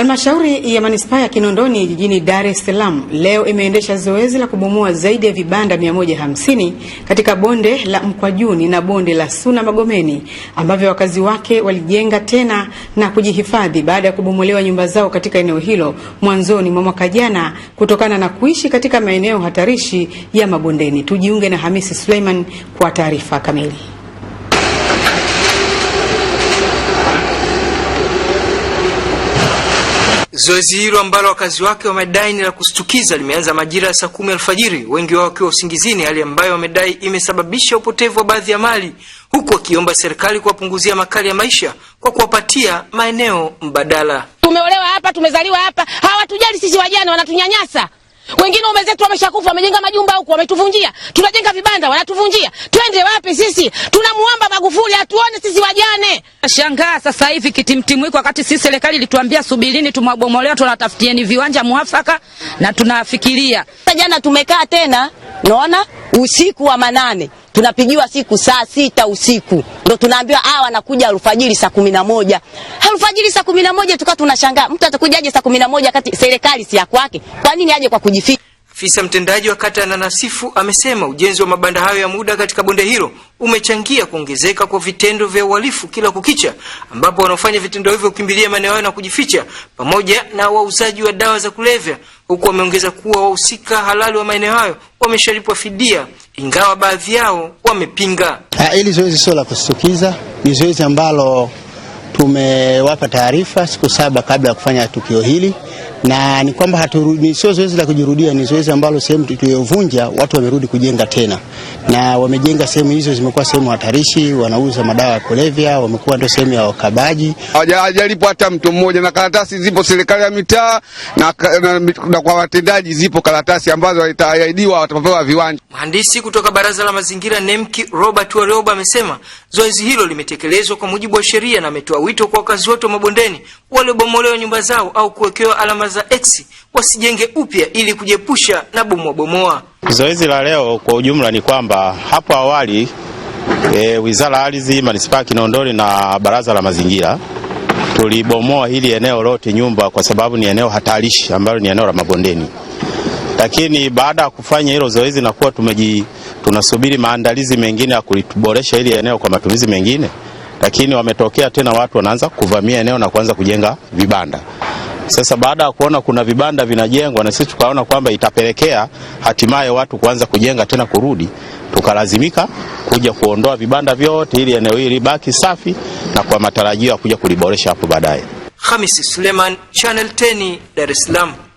Halmashauri ya manispaa ya Kinondoni jijini Dar es Salaam leo imeendesha zoezi la kubomoa zaidi ya vibanda 150 katika bonde la Mkwajuni na bonde la Suna Magomeni ambavyo wakazi wake walijenga tena na kujihifadhi baada ya kubomolewa nyumba zao katika eneo hilo mwanzoni mwa mwaka jana kutokana na kuishi katika maeneo hatarishi ya mabondeni. Tujiunge na Hamisi Suleiman kwa taarifa kamili. Zoezi hilo ambalo wakazi wake wamedai ni la kustukiza limeanza majira ya saa kumi alfajiri, wengi wao wakiwa usingizini, hali ambayo wamedai imesababisha upotevu wa baadhi ya mali, huku wakiomba serikali kuwapunguzia makali ya maisha kwa kuwapatia maeneo mbadala. Tumeolewa hapa, tumezaliwa hapa, hawatujali sisi, wajane wanatunyanyasa. Wengine ume zetu wameshakufa, wamejenga majumba huku, wametuvunjia. Tunajenga vibanda, wanatuvunjia. Twende wapi sisi? Tunamuomba Magufuli atuone sisi wajane. Nashangaa sasa hivi kitimtimwiko, wakati sisi serikali ilituambia subirini, tumwabomolewa, tunatafutieni viwanja mwafaka na tunafikiria. Jana tumekaa tena, naona usiku wa manane tunapigiwa siku saa sita usiku ndo tunaambiwa hawa ah, wanakuja alfajiri saa kumi na moja alfajiri saa kumi na moja tukawa tunashangaa mtu atakujaje saa kumi na moja wakati serikali si ya kwake? Kwa nini aje kwa kujificha? Afisa mtendaji wa kata ya Nanasifu amesema ujenzi wa mabanda hayo ya muda katika bonde hilo umechangia kuongezeka kwa vitendo vya uhalifu kila kukicha, ambapo wanaofanya vitendo hivyo kukimbilia maeneo hayo na kujificha, pamoja na wauzaji wa dawa za kulevya, huku wameongeza kuwa wahusika halali wa maeneo hayo wameshalipwa fidia ingawa baadhi yao wamepinga. Ah, hili zoezi sio la kushtukiza, ni zoezi ambalo tumewapa taarifa siku saba kabla ya kufanya tukio hili na ni kwamba sio zoezi la kujirudia, ni zoezi ambalo sehemu tuliyovunja watu wamerudi kujenga tena, na wamejenga sehemu hizo, zimekuwa sehemu hatarishi, wanauza madawa ya kulevya, wamekuwa ndio sehemu ya wakabaji. Hajalipo hata mtu mmoja, na karatasi zipo serikali ya mitaa na, na, na na kwa watendaji zipo karatasi ambazo itaahidiwa watapewa viwanja. Mhandisi kutoka Baraza la Mazingira NEMKI Robert Warioba amesema zoezi hilo limetekelezwa kwa mujibu wa sheria na ametoa wito kwa wakazi wote wa mabondeni waliobomolewa nyumba zao au kuwekewa alama za X wasijenge upya ili kujepusha na bomoabomoa. Zoezi la leo kwa ujumla ni kwamba hapo awali e, Wizara ya Ardhi, Manispaa ya Kinondoni na Baraza la Mazingira tulibomoa hili eneo lote nyumba, kwa sababu ni eneo hatarishi ambalo ni eneo la mabondeni. Lakini baada ya kufanya hilo zoezi na kuwa tumeji tunasubiri maandalizi mengine ya kuliboresha hili eneo kwa matumizi mengine, lakini wametokea tena watu wanaanza kuvamia eneo na kuanza kujenga vibanda. Sasa baada ya kuona kuna vibanda vinajengwa na sisi tukaona kwamba itapelekea hatimaye watu kuanza kujenga tena kurudi, tukalazimika kuja kuondoa vibanda vyote ili eneo hili baki safi na kwa matarajio ya kuja kuliboresha hapo baadaye. Hamisi Suleman, Channel 10, Dar es Salaam.